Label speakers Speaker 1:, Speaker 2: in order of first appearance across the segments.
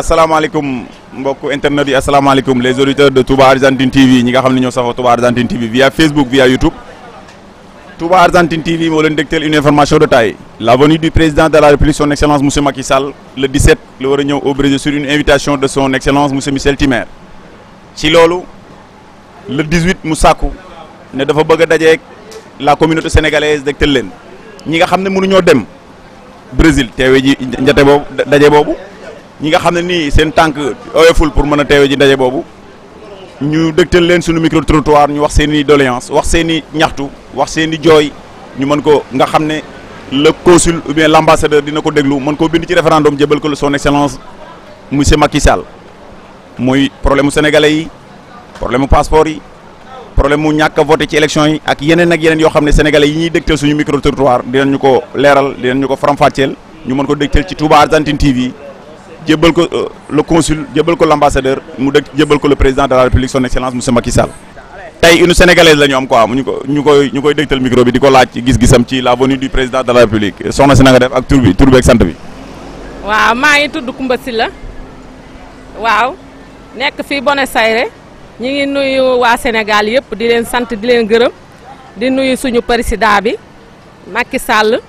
Speaker 1: asalaamaaleykum mbokk internet yi asalaamaaleykum les auditeurs de tuba Argentine TV ñi nga xam ne ñoo safoo Touba Argentine TV via Facebook via YouTube Touba Argentine TV moo leen dégteel une information de taille la venue du président de la République son excellence monsieur Macky Sall le 17 la war a ñëw au Brésil sur une invitation de son excellence monsieur Michel Timer ci loolu le 18 mu sàkku ne dafa bëgg a dajeek la communauté sénégalaise dégtal leen ñi nga xam ne mënuñoo dem Brésil teewee ji njate boobu daje boobu ñi nga xam ne nii seen tànk oyoful pour mën a teewe ji ndaje boobu ñu dëgtal leen suñu micro trottoir ñu wax seeni i wax seen i ñaxtu wax seeni jooy ñu mën ko nga xam ne la consul ou bien l' ambassadeur dina ko déglu mën koo bind ci référendum jëbal ko son excellence monsieur Macky Sall muy problème mu sénégalais yi problème mu passeport yi problème mu ñàkk a voté ci élection yi ak yeneen ak yeneen yoo xam ne sénégalais yi ñuy dégtal suñu micro trottoir dinañu ko leeral dinañu ko faram-fàcceel ñu mën ko dégtal ci Touba Argentine TV. jébbal ko euh, le consul jébbal ko la ambassadeur mu dëkk jébbal ko la président de la république son excellence monsieur Macky Sall. tey une sénégalaise la ñu am quoi mu ñu ko ñu koy ñu koy dégtal micro bi di ko laaj gis-gisam ci la venue du président de la république soxna si na nga def ak tur bi tur bi ak sant bi.
Speaker 2: waaw maa ngi tudd Koumba la waaw nekk fii Buenos Aires ñi ngi nuyu waa Sénégal yëpp di leen sant di leen gërëm di nuyu suñu parisida bi Macky sàll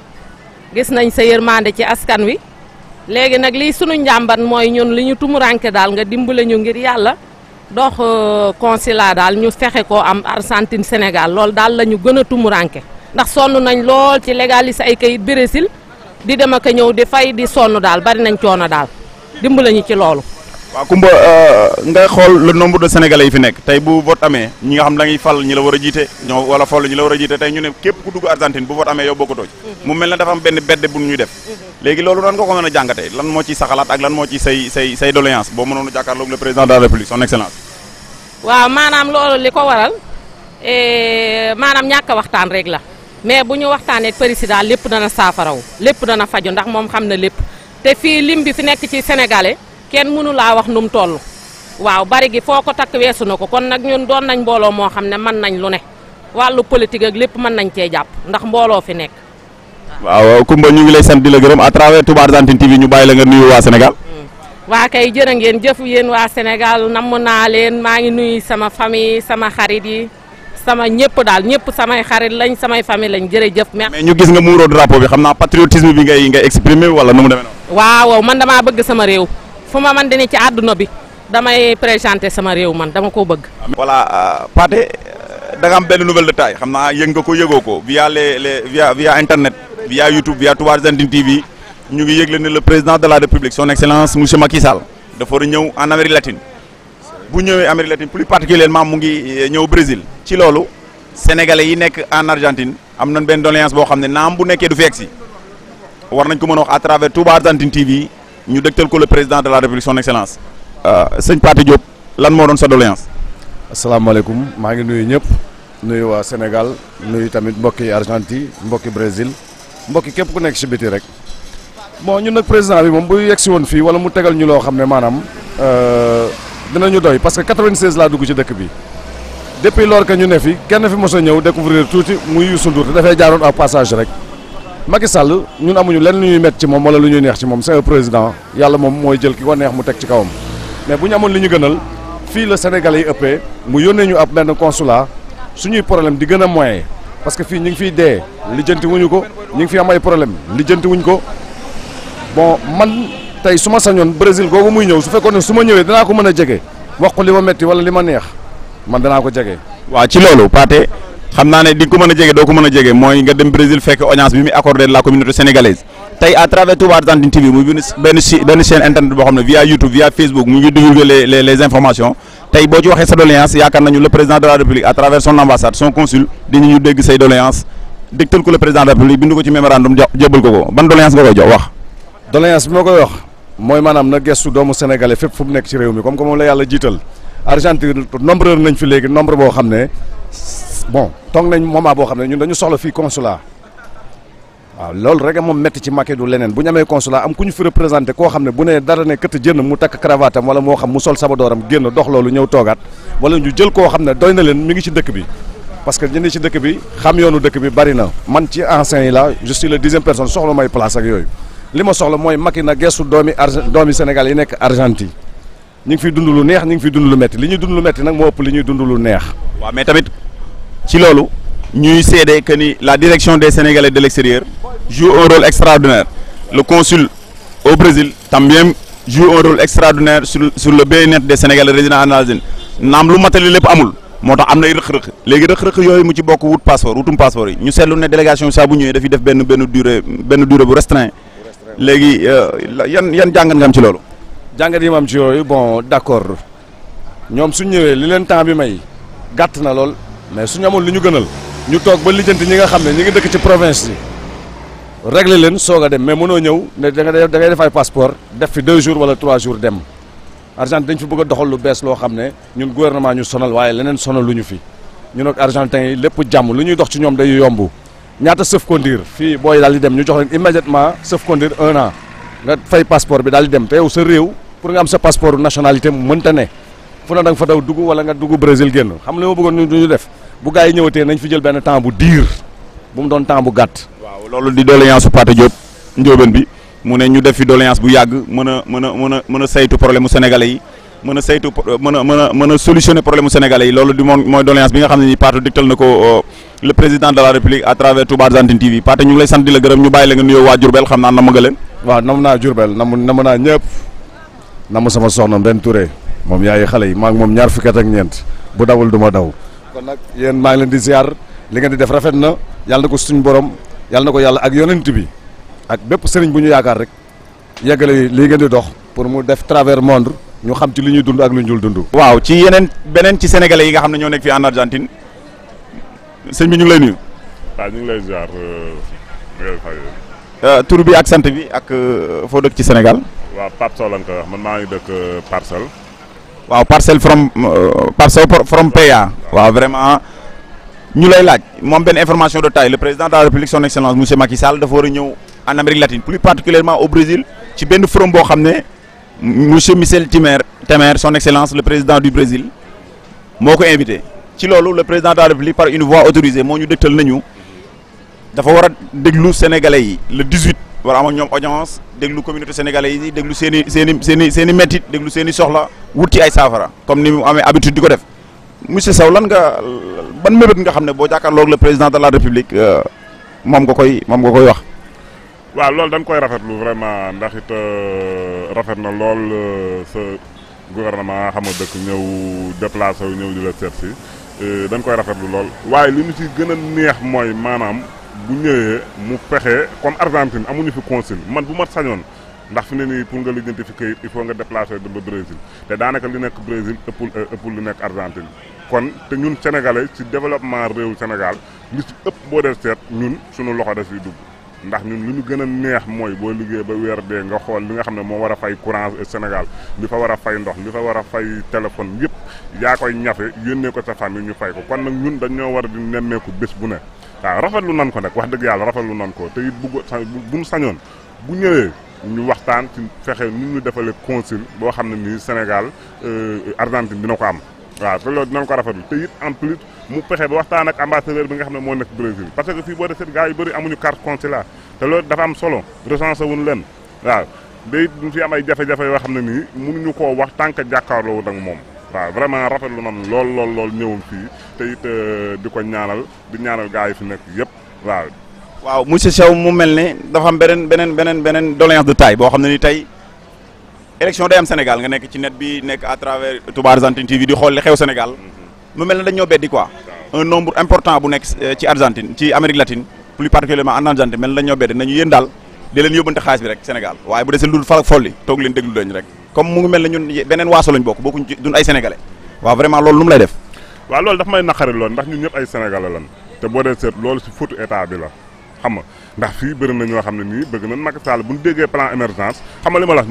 Speaker 2: gis nañ sa yërmande ci askan wi léegi nag lii sunu njàmbat mooy ñun li ñu tumuranke daal nga dimbale ñu ngir yàlla dox euh, consulat daal ñu fexe ko am Argentine Sénégal loolu daal la ñu gën a tumuranke ndax sonn nañ lool ci légaliser ay kayit Brésil di dem ak a ñëw di fay di sonn daal bari nañ coono daal dimbale lañu ci loolu. waaw
Speaker 1: Kumba euh, nga xool la nombre de sénégalais yi fi nekk tey bu vote amee ñi nga xam da ngay fal ñi la war a jiite ñoo wala fal ñi la war a jiite tey ñu ne képp ku dugg Argentine bu vote amee yow bokkutoo ci mhm. mu mel na dafa am benn bedde bu ñuy def mhm. léegi loolu nan nga ko mën a jàngatee lan moo ci sa xalaat ak lan moo ci say say say doléance boo mënoon a jàkkaarloog le président de la république son excellence
Speaker 2: waaw maanaam loolu li ko waral eh, maanaam ñàkk a waxtaan rek la mais bu ñu waxtaanee président lépp dana saafaraw lépp dana faju ndax moom xam na lépp te fii lim bi fi nekk ci sénégalais kenn mënu laa wax nu mu toll waaw bari gi foo ko takk weesu na ko kon nag ñun doon nañ mbooloo moo xam ne man nañ lu ne wàllu politique ak lépp mën nañ cee jàpp ndax mbooloo fi nekk.
Speaker 1: waaw Kumba ñu ngi lay sant di la à travers Touba Argentine TV ñu bàyyi la waa Sénégal. Hmm.
Speaker 2: waa kay jërë ngeen jëf yéen waa Sénégal namm naa leen maa ngi nuyu sama famille sama xarit yi sama ñëpp daal ñëpp samay xarit lañ samay famille lañ jërëjëf. mais ñu gis nga
Speaker 1: muuroo drapeau bi xam naa patriotisme bi ngay ngay exprimer wala nu mu
Speaker 2: demee man damaa bëgg sama réew. fu ma man di ci àdduna bi damay présenté sama réew man dama ko bëgg. voilà
Speaker 1: euh, Pathé euh, da am benn nouvelle de taille xam naa yëg nga ko yëgoo ko via les les via via internet via YouTube via Touba Argentine TV ñu ngi yëg yëgle ne le président de la République son excellence monsieur Macky Sall dafa war a ñëw en Amérique latine bu ñëwee Amérique latine plus particulièrement mu ngi euh, ñëw Brésil ci loolu sénégalais yi nekk en Argentine am nañ benn doléance boo xam ne naam bu nekkee du fekk si war nañ ko mën a wax à travers Touba Argentine TV. ñu dégtal ko
Speaker 3: le président de la république son excellence. Euh, sëñ Pathé Diop lan moo doon sa doléance. asalaamaaleykum maa ngi nuyu ñëpp nuyu waa Sénégal nuyu tamit mbokki Argentine mbokki Brésil mbokki képp ku nekk si biti rek. moo ñu nag président bi moom bu yegg si woon fii wala mu tegal ñu loo xam ne maanaam euh, dinañu doy parce que 96 laa dugg ci dëkk bi depuis lors que ñu ne fi kenn fi mos a ñëw découvrir tuuti muy Youssou Ndour te dafay jaaroon à passage rek. Macky Sall ñun amuñu lenn lu ñuy métti ci moom wala lu ñuy neex ci moom c'est un yàlla moom mooy jël ki ko neex mu teg ci kawam mais bu ñu amoon li ñu gënal fii la Sénégalais yi ëppee mu yónnee ñu ab benn consulat suñuy problème di gën a moyen parce que fii ñu ngi fiy dee lijjanti wuñu ko ñu ngi fi am ay problème lijjanti wuñ ko bon man tey su ma sañoon Brésil googu muy ñëw su fekkoon ne su ma ñëwee danaa ko mën a jege wax ko li ma métti wala li ma neex man danaa ko jege. xam naa ne di ko mën a jege doo ko mën a jege mooy nga dem Brésil fekk
Speaker 1: audience bi muy accordé la communauté sénégalaise tey à travers Touba Argentine TV muy benn benn chaîne internet boo xam ne via YouTube via Facebook mu ngi divulguer les informations tey boo ci waxee sa doléance yaakaar nañu le président de la République à travers son ambassade son consul dinañu ñu dégg say doléance dégtal ko le président
Speaker 3: République bindu ko ci mémorandum jébbal na gestu doomu sénégalais fépp fu mu nekk ci bon toog nañ moment boo xam ne ñun dañu soxla fii consulat waaw loolu rek moom métti ci Macky du leneen bu ñu amee consulat am ku ñu fi représenté koo xam ne bu nee dara ne këtt jënn mu takk cravate am wala moo xam mu sol sabadooram génn dox loolu ñëw toogaat wala ñu jël koo xam ne doy na leen mi ngi ci dëkk bi parce que ñu ne ci dëkk bi xam yoonu dëkk bi bari na man ci ancien yi la je suis la dixième personne soxla may place ak yooyu li ma soxla mooy Macky na gestu doomi argent doomi Sénégal yi nekk Argentine ñu ngi fiy dund lu neex ñu ngi fiy dund lu metti li ñuy dund lu metti nag moo ëpp li ñuy dund lu
Speaker 1: neex. waa mais tamit ci loolu ñuy seede que ni la direction des Sénégalais de l'extérieur joue un rôle extraordinaire le consule au Brésil también joue un rôle extraordinaire sur sur le bien de des Sénégalais résidents en Algérie naam lu matali lépp amul. moo tax am nay rëq-rëq léegi rëq-rëq yooyu mu ci bokk wut passeport wutum passeport yi ñu seetlu ne délégation saa bu ñëwee dafiy def benn benn durée benn durée bu restreint léegi euh, yan yan jàngat nga ci loolu.
Speaker 3: jàngat yi ma am ci yooyu bon d'accord ñoom suñ ñëwee li leen temps bi may gàtt na lool mais suñ amoon lu ñu gënal ñu toog ba lijjanti ñi nga xam ne ñi ngi dëkk ci province yi régler leen soog a dem mais mënoo ñëw ne da ngay da ngay def ay passeport def fi deux jours wala trois jours dem Argentine dañ fi bëgg a doxal lu bees loo xam ne ñun gouvernement ñu sonal waaye leneen sonal lu ñu fi ñun ak Argentin yi lépp jàmm lu ñuy dox ci ñoom day yomb ñaata sëf fii booy daal di dem ñu jox leen immédiatement sëf conduire un an nga fay passeport bi di dem te yow sa réew. pour nga am sa passeport nationalité mënta ne fu na da nga fa daw dugg wala nga dugg Brésil génn xam nga ñu def bu gars ñëwatee nañ fi jël benn temps bu diir bu mu doon temps bu gàtt.
Speaker 1: waaw loolu di doléance su Pathé Diop njóobeen bi mu ne ñu def fi doléance bu yàgg mën a mën a mën a mën a mën a saytu mën a mën a a solutionner mu na ko euh, à travers Touba
Speaker 3: namm sama soxna Mbène Touré moom yaay xale yi maa ngi moom ñaar fukki at ak ñeent bu dawul du daw. kon nag yéen maa ngi leen di ziar li ngeen di def rafet na yàlla na ko suñ borom yàlla na ko yàlla ak yonent bi ak bépp sëriñ bu ñu yaakaar rek yeggale lii ngeen di dox pour mu def travers monde ñu xam ci li ñuy dund ak lu ñu dund. waaw ci yeneen beneen ci sénégalais yi nga xam
Speaker 1: ne
Speaker 4: ñoo nekk fii en Argentine
Speaker 3: sëñ bi ñu ngi lay nuyu.
Speaker 4: waaw ñu lay ziar euh,
Speaker 1: euh, tur bi ak sant bi ak euh, foo dëkk ci Sénégal.
Speaker 4: waaw Pape Sow lañ koy wax man maa ngi dëkk euh, parcelle.
Speaker 1: waaw parcelle from euh, Pape Sow from PA. waaw vraiment ñu lay laaj moom benn information de taille le président de la république son excellence monsieur Macky dafa war ñëw en Amérique latine plus particulièrement au Brésil ci benn forum boo xam ne monsieur Michel Temer Temer son excellence le président du Brésil moo ko invité. ci loolu le président de la république par une voix autorisée moo ñu dëgtal nañu dafa war a déglu sénégalais yi le 18. war am ak ñoom audience déglu communauté sénégalaise yi déglu seen i seen seeni seeni i seen i méttit déglu seen soxla wuti ay saafara comme ni mu amee habitude di ko def monsieur Sow lan nga ban mébét nga xam ne boo jàkkaarloog le président de la république euh, moom nga koy moom nga koy wax.
Speaker 4: waaw loolu dañ koy rafetlu vraiment ndax it euh, rafet na lool euh, sa gouvernement xam nga dëkk ñëw déplacé wu ñëw di la seet si dañ koy rafet lu lool waaye li ñu ci gën a neex mooy maanaam. bu ñëwee mu fexe comme Argentine amuñu fi consul man bu ma sañoon ndax fi ne nii pour nga lijjanti fi kayit il faut nga déplacé dem ba Brésil te daanaka li nekk Brésil ëppul euh, lu nekk Argentine kon te ñun sénégalais ci développement réewu Sénégal li ci ëpp boo def seet ñun suñu loxo da siy dugg ndax ñun lu ñu gën a neex mooy boo liggéey ba weer dee nga xool li nga xam ne moo war a fay courant e Sénégal li fa war a fay ndox li fa war a fay téléphone yëpp yaa ñafe yónnee ko sa famille ñu fay ko kon nag ñun dañoo war di nemmeeku bés bu ne waaw rafetlu nan ko nag wax dëgg yàlla rafetlu nan ko te it bugg buñ sañoon bu ñëwee ñu waxtaan ci fexe nu ñu defalee consul boo xam ne nii Sénégal euh, Argentine dina ko am waaw te loolu dinañ ko rafetlu te it en plus mu fexe ba waxtaan ak ambassadeur bi nga xam ne moo nekk Brésil parce que fii boo defee gars yu bëri amuñu carte consulat te loolu dafa am solo recensé wuñ leen waaw day it duñ fi am ay jafe-jafe yoo xam ne nii mënuñu koo wax tant que jàkkaarloo moom waaw vraiment rafetlu nañu lool lool lool ñëwum fii te it euh, di ko ñaanal di ñaanal gars yi fi nekk yëpp waaw. waaw
Speaker 1: monsieur sew mu mel ni dafa am beneen beneen beneen beneen doléance de taille boo xam ne ni tey élection day am Sénégal nga nekk ci net bi nekk à travers Touba Argentine TV di xool xew Sénégal mm-hmm. mu mel ni dañ ñoo beddi quoi un nombre important bu nekk euh, ci Argentine ci Amérique latine plus particulièrement en Argentine mel na dañ ñoo beddi nañu yéen daal di leen yóbbante xaalis bi rek Sénégal waaye bu desee lu dul falak folli toog leen déglu dañ
Speaker 4: comme mu ngi mel ne ñun beneen waaso lañ bokk bokkuñ ci duñ ay sénégalais waaw vraiment loolu nu mu lay def waaw loolu daf may naqari loolu ndax ñun ñëpp ay sénégalais lan te boo dee seet loolu si faute état bi la xam nga ndax fii bëri na ñoo xam ne nii bëgg nañ Macky Sall bu ñu déggee plan émergence xam nga li ma la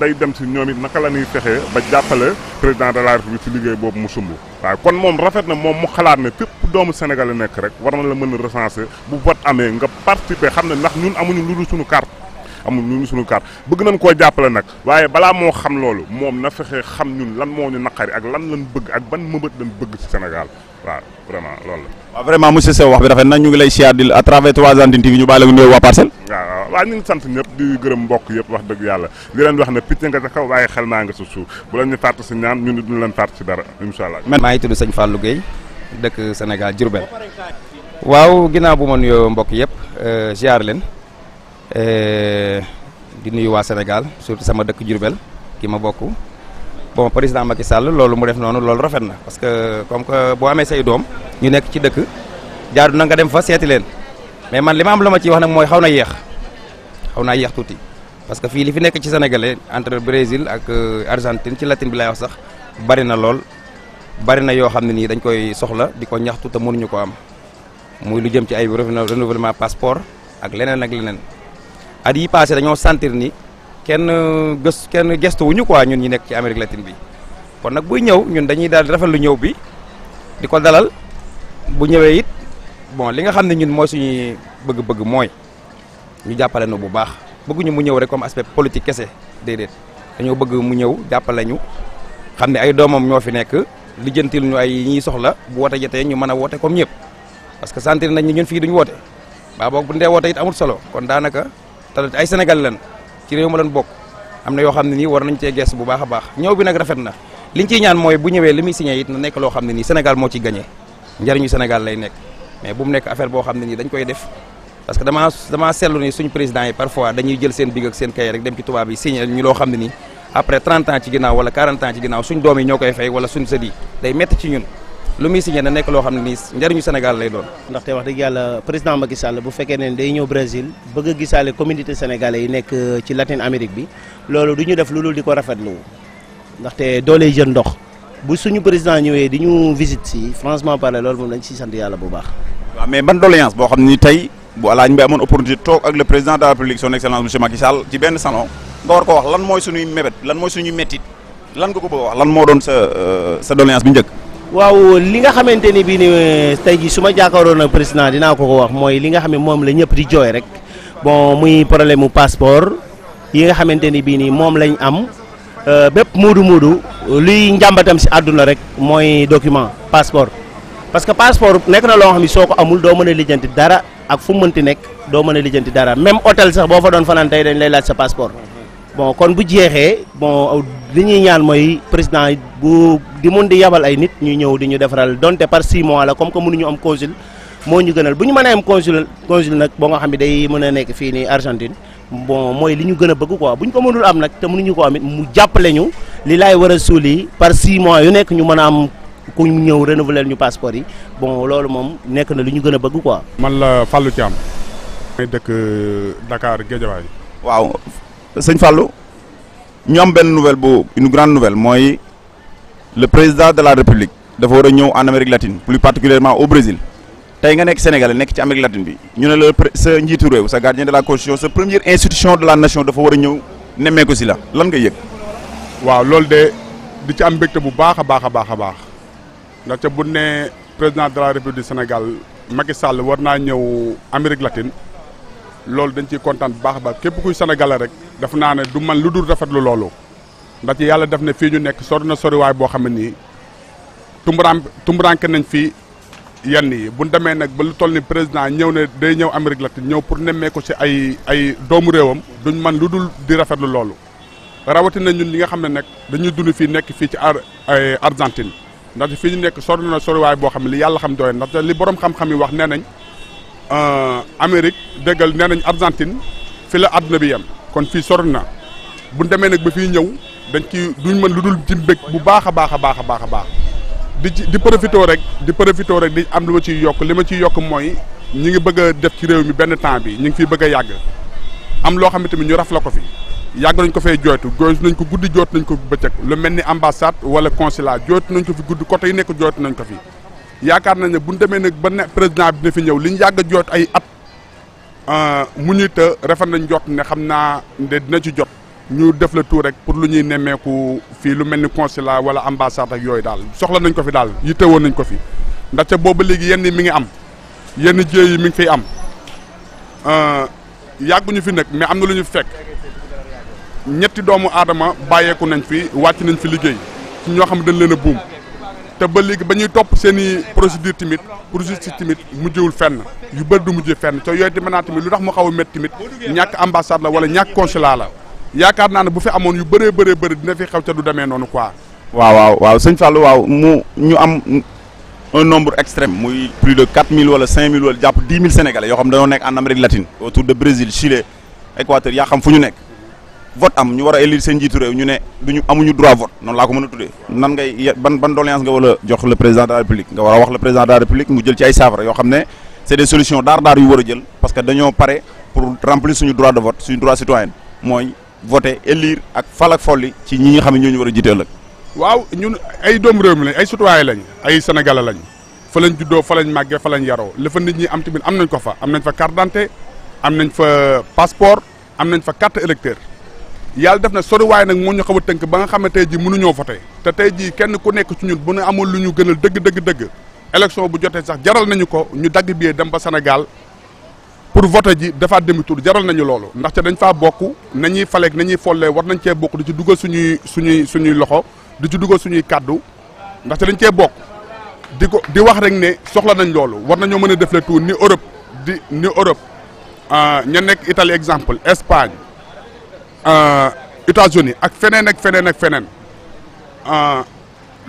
Speaker 4: day dem si ñoom it naka la ñuy fexee ba jàppale président de la république si liggéey boobu mu sumb waaw kon moom rafet na moom mu xalaat ne doomu sénégalais nekk rek war na la mën a recenser bu vote amee nga participer xam ne ndax ñun amuñu lu dul suñu carte amul ñun suñu carte bëgg nañ koo jàppale nag waaye balaa moo xam loolu moom na fexe xam ñun lan moo ñu naqari ak lan lan bëgg ak ban mëbët lan bëgg ci Sénégal waaw loolu la. waaw vraiment monsieur wax bi rafet na ñu ngi lay siyaar
Speaker 1: di à travers trois Argentine
Speaker 4: TV ñu yëpp wax dëgg yàlla di leen wax ne waaye xel naa nga sa suuf bu leen ñu fàtt si ñaan ñun duñu leen
Speaker 5: waaw ginnaaw bu ma nuyoo mbokk yëpp euh, ziar leen Eh, di nuyu waa Sénégal surtout sama dëkk Diourbel ki ma bokk bon président Macky Sall loolu mu def noonu loolu rafet na parce que comme boo amee say doom ñu nekk ci dëkk jaar na nga dem fa seeti leen mais man li ma am la ma ciy wax nag mooy xaw na yeex xaw naa yéex tuuti parce que fii li fi nekk ci sénégalais entre Brésil ak euh, Argentine ci latine bi laay wax sax bari na lool bari na yoo xam ne nii dañ koy soxla di ko ñax te mënuñu ko am muy lu jëm ci ay renouvellement passeport ak leneen ak leneen. at yi passé dañoo sentir ni kenn euh, gës kenn gestuwuñu quoi ñun ñu nekk ci Amérique latine bi kon nag buy ñëw ñun dañuy daal di lu ñëw bi di ko dalal bu ñëwee it bon li nga xam ne ñun mooy suñuy bëgg-bëgg mooy ñu jàppale nu bu baax bëgguñu mu ñëw rek comme aspect politique kese déedéet dañoo bëgg mu ñëw jàppale ñu xam ne ay doomam ñoo fi nekk lijjantil ñu ay ñuy soxla bu woote jotee ñu mën a woote comme ñëpp parce que sentir nañ ñun fii duñ woote baa boog bu ndee amul solo kon daanaka. te ay Sénégal lan ci réew ma lan bokk am na yoo xam ne nii war nañ cee gestu bu baax a baax ñëw bi nag rafet na liñ ciy ñaan mooy bu ñëwee li muy signé it na nekk loo xam ne nii Sénégal moo ci gagné njëriñu Sénégal lay nekk mais bu mu nekk affaire boo xam ne nii dañ koy def parce que damaa damaa seetlu ni suñu président yi parfois dañuy jël seen big ak seen kay rek dem ci tubaab yi signé ñu loo xam ne nii après 30 ans ci ginnaaw wala 40 ans ci ginnaaw suñ doom yi ñoo lu muy signé na nekk loo xam ne nii njëriñu Sénégal lay doon.
Speaker 6: ndaxte wax dëgg yàlla président Macky Sall bu fekkee ne day ñëw Brésil bëgg a gisaale communauté sénégalais yi nekk euh, ci Latin Amérique bi loolu du ñu def lu dul di ko rafet rafetlu ndaxte doole jën ndox bu suñu président ñëwee di ñu visite si franchement parler loolu moom dañ ciy sant yàlla bu baax.
Speaker 1: waaw mais ban doléance boo xam ni tey bu Alaañ Mbaye amoon opportunité toog ak le président de la République son excellence monsieur Macky benn salon nga war lan mooy suñuy mébét lan mooy suñuy méttit lan nga ko bëgg wax lan moo doon sa euh, sa doléance bi njëkk waaw
Speaker 6: li nga xamante ni bii nii euh, tey jii su ma jàkkaaroon ak président dinaa ko ko wax mooy li nga xam ne moom la ñëpp di jooy rek bon muy problème mu passeport yi nga xamante ni bii nii moom lañ am euh, bépp muudu muudu luy njàmbatam si àdduna rek mooy document passeport. parce que passeport nekk na loo xam ne soo ko amul doo mën a lijjanti dara ak fu mu mënti nekk doo mën a lijjanti dara même hôtel sax boo fa doon fanaan tey dañ lay laaj sa passeport. bon kon bu jeexee bon li ñuy ñaan mooy président bu di mun di yabal ay nit ñu ñëw di ñu defaral donte par six mois la comme que mënuñu am consul moo ñu gënal bu ñu mënee am consul consul nag boo nga xam ne day mën a nekk fii nii Argentine bon mooy li ñu gën a bëgg quoi bu ñu ko mënul am nag te mënuñu ko amit mu jàppale ñu li laay war a suul yi par six mois yu nekk ñu mën a am ku ñëw renouveler ñu passeport yi bon loolu moom nekk na li ñu gën a bëgg ko man la Fallou Thiam.
Speaker 7: may dëkk Dakar Guédiawaye.
Speaker 1: waaw. sëñ Fallou ñu am benn nouvelle bu une grande nouvelle mooy le président de la république dafa war a ñëw en Amérique latine plus particulièrement au Brésil tey nga nekk Sénégal nekk ci Amérique latine bi ñu ne la sa njiitu réew sa gardien de la constitution sa première institution de la nation dafa war a ñëw nemmeeku si la lan nga yëg.
Speaker 7: waaw loolu de di ci am mbégte bu baax a baax a baax a baax ndaxte bu ne président de la république du Sénégal Macky Sall war naa ñëw Amérique latine loolu dañ ciy kontaan bu baax baax képp kuy Sénégalais rek. def naa ne du man lu dul rafet lu loolu ndax yàlla def na fii ñu nekk sori na soriwaay boo xam ne nii tumburam tumburanke nañ fii yenn yi bu ñu demee nag ba lu toll ni président ñëw ne day ñëw Amérique latine ñëw pour nemmee ko ci ay ay doomu réewam duñ man lu dul di rafetlu loolu rawatina ñun ñi nga xam ne nag dañuy dund fii nekk fii ci Argentine ndax fii ñu nekk sori na soriwaay boo xam ne li yàlla xam doy ndax li borom xam-xam yi wax nee nañ euh, Amérique déggal nee nañ Argentine fi la àdduna bi kon fii sori na buñ demee nag ba fi ñëw dañ ci duñ mën lu dul ci mbég bu baax a baax a baax a baax a baax di ci di profité rek di profité rek di am lu ma ciy yokk li ma ciy yokk mooy ñi ngi bëgg a def ci réew mi benn temps bi ñu ngi fiy bëgg a yàgg am loo xam ne tamit ñu raf la ko fi yàgg nañ ko fee jooytu jooytu nañ ko guddi jooytu nañ ko bëccëg lu mel ni ambassade wala consulat jooytu nañ ko fi guddi côté yi nekk jooytu nañ ko fi yaakaar nañ ne buñ demee nag ba ne président fi ñëw li ñu yàgg a ay at Euh, mu ñu te rafet nañ jot ne xam naa ne dina ci jot ñu def la tout rek pour lu ñuy nemmeeku fii lu mel ni consulat wala ambassade ak yooyu daal soxla nañ ko fi daal yitte woon nañ ko fi ndaxte boobu léegi yenn mi ngi am yenn jéey yi mi ngi fiy am euh, yàgguñu fi nag mais am na lu ñu fekk ñetti doomu aadama bàyyeeku nañ fi wàcc nañ fi liggéey ci ñoo xam dañ leen a buum. te ba léegi ba ñuy topp seen i procédure tamit pour justice tamit mujjewul fenn yu bëri du mujje fenn te yooyu di mën naa tamit lu tax mu xaw a métti ñàkk ambassade la wala ñàkk consulat la yaakaar naa ne bu fi amoon yu bëree bëree bëri dina fi xaw ca du demee noonu quoi.
Speaker 1: waaw waaw waaw sëñ Fallou waaw mu ñu am un nombre extrême muy plus de 4000 wala 5000 wala jàpp 10 000 sénégalais yoo xam dañoo nekk en Amérique latine autour de Brésil Chili Équateur yaa xam fu ñu nekk. vote am ñu war a élire seen njiitu réew ñu ne duñu amuñu droit vote noonu laa ko mën a tuddee nan ngay ban ban doléance nga war a jox le président de la république nga war wax la président de la république mu jël ci ay saafara yoo xam ne c'est des solutions daar daar yu war a jël parce que dañoo pare pour remplir suñu droit de vote suñu droit citoyen mooy voter élire ak fal ak folli ci ñi nga xam ne ñoo ñu war a jiite ëllëg
Speaker 7: waaw ñun ay doomu réew mi lañ ay citoyen lañ ay fa lañ juddoo fa lañ màggee fa lañ yaroo li fa nit ñi am tamit am nañ ko fa am nañ fa carte d'identité am nañ fa passeport am nañ fa carte électeur yàlla def na waaye nag moo ñu xaw a tënk ba nga xam ne tey jii mënuñoo voté te tey jii kenn ku nekk ci ñu bu nu amul lu ñu gënal dëgg dëgg dëgg élection bu jotee sax jaral nañu ko ñu dagg billet dem ba Sénégal pour voté ji defaat demi tour jaral nañu loolu ndaxte dañ faa bokk nañuy faleeg nañuy follee war nañ cee bokk di ci dugal suñuy suñuy suñuy loxo di ci dugal suñuy kàddu ndaxte dañ cee bokk di ko di wax rek ne soxla nañ loolu war nañoo mën a def le tour ni Europe di ni Europe euh, ña nekk Italie exemple Espagne Euh, États-Unis ak feneen ak feneen ak feneen euh,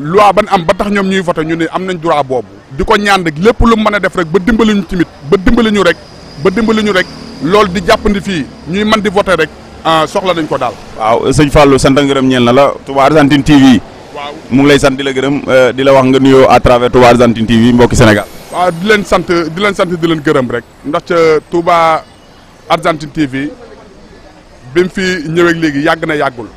Speaker 7: loi ban am ba tax ñoom ñuy voté ñu nii am nañ droit boobu di ko ñaan rek lépp lu mën a def rek ba dimbali ñu timit ba dimbali ñu rek ba dimbali ñu rek loolu di jàppandi fii ñuy mën di voté rek euh, soxla nañ ko daal. waaw sëñ Fallou sant ak
Speaker 1: ngërëm ñeel na la Touba Argentine TV. waaw mu ngi lay sant di la gërëm di la wax nga nuyoo à travers Touba Argentine TV mbokki Sénégal.
Speaker 7: waaw di leen sant di leen sant di leen gërëm rek ndax ca Touba Argentine TV. bi mu fi ñëweeg léegi yàgg na yàggul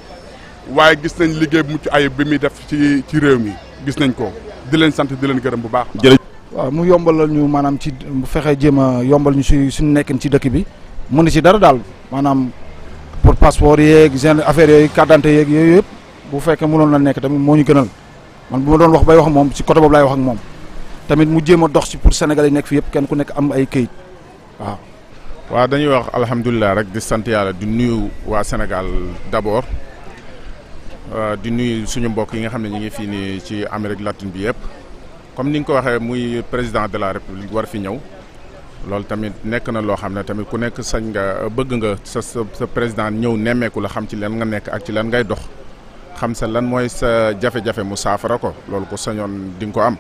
Speaker 7: waaye gis nañ liggéey bu mucc ayib bi muy def ci ci réew mi gis nañ ko di leen sant di leen gërëm bu baax.
Speaker 3: waaw mu yombalal ñu maanaam ci bu fexe jéem a yombal ñu si suñu nekkin ci dëkk bi mënu si dara daal maanaam pour passeport yeeg genre affaire yooyu carte d'identité yeeg yooyu bu fekkee mu mënoon la nekk tamit moo ñu gënal man bu ma doon wax bay wax moom si côté boobu laay wax ak moom tamit mu jéem a dox si pour Sénégal yi nekk fi yëpp kenn ku nekk am ay këyit
Speaker 8: waaw. waa dañuy wax alhamdulilah rek di sant yàlla di nuyu waa Sénégal d'abord euh, di nuyu suñu mbokk yi nga xam ne ñu ngi fii nii ci Amérique latine bi yëpp comme ni nga ko waxee muy président de la République war fi ñëw loolu tamit nekk na loo xam ne tamit ku nekk sañ nga bëgg nga sa sa président ñëw nemmeeku la xam ci lan nga nekk ak ci lan ngay dox xam sa lan mooy sa jafe-jafe mu saafara ko loolu ko sañoon di nga ko am.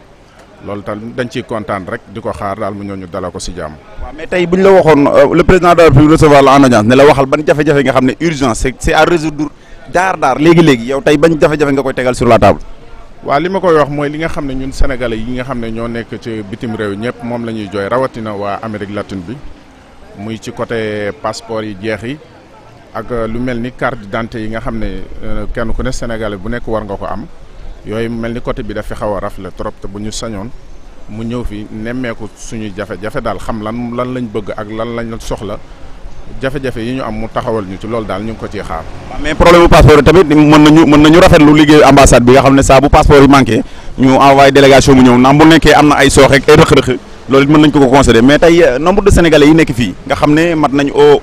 Speaker 8: loolu tam dañ ciy kontaan rek di ko xaar daal mu ñëw ñu dala ko si jàmm.
Speaker 1: waaw mais tey bu ñu la waxoon euh, le président de la République recevoir la la waxal ban jafe-jafe xam ne urgence c'est c'est à résoudre daar daar léegi léegi yow tey bañ jafe nga koy tegal sur la table.
Speaker 8: waa li ma koy wax mooy li nga xam ne ñun sénégalais yi nga xam ne ñoo nekk ci bitim réew ñëpp moom lañuy ñuy jooy rawatina waa Amérique latine bi muy ci côté passeport yi jeex yi ak lu mel ni carte d'identité yi nga xam ne euh, kenn ku ne sénégalais bu nekk war nga ko am. yooyu mel ni côté bi dafa xaw a rafle trop te bu ñu sañoon mu ñëw fi nemmeeku suñu jafe-jafe daal xam lan lan lañ bëgg ak lan lañ soxla jafe-jafe yi ñu am mu taxawal ñu ci loolu daal ñu ngi ko ciy xaar. mais problème bu passeport yi tamit mën
Speaker 1: nañu mën nañu rafetlu liggéeyu ambassade bi nga xam ne saa bu passeport yi manqué ñu envoyé délégation mu ñëw naa bu nekkee am na ay soox ay rëq-rëq loolu mën nañ ko ko concéder mais tey euh, nombre de sénégalais yi nekk fii nga xam ne mat nañu au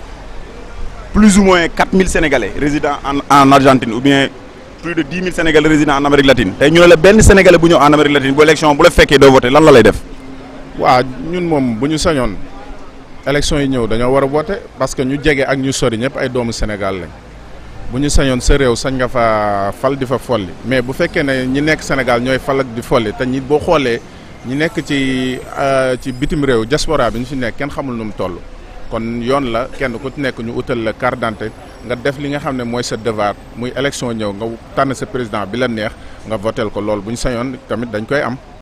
Speaker 1: plus ou moins 4000 sénégalais résidents en en Argentine ou bien. plus de dix mille sénégalais résident en Amérique latine tey ñu ne la benn sénégalais bu ñëw en Amérique latine bu élection bu la fekkee doo voté lan la lay def.
Speaker 8: waaw ñun moom bu ñu sañoon élection yi ñëw dañoo war a voté parce que ñu jege ak ñu sori ñëpp ay doomu Sénégal lañ bu ñu sañoon sa réew sañ nga fa fal di fa folli mais bu fekkee ne ñi nekk Sénégal ñooy fal ak di folli te ñi boo xoolee ñi nekk ci euh, ci bitim réew diaspora bi ñu si nekk kenn xamul nu mu toll kon yoon la kenn ku nekk ñu utal la carte d'identité nga def li nga xam ne mooy sa devoir muy élection ñëw nga tànn sa président bi la neex nga voteel ko loolu bu ñu sañoon tamit dañ koy am.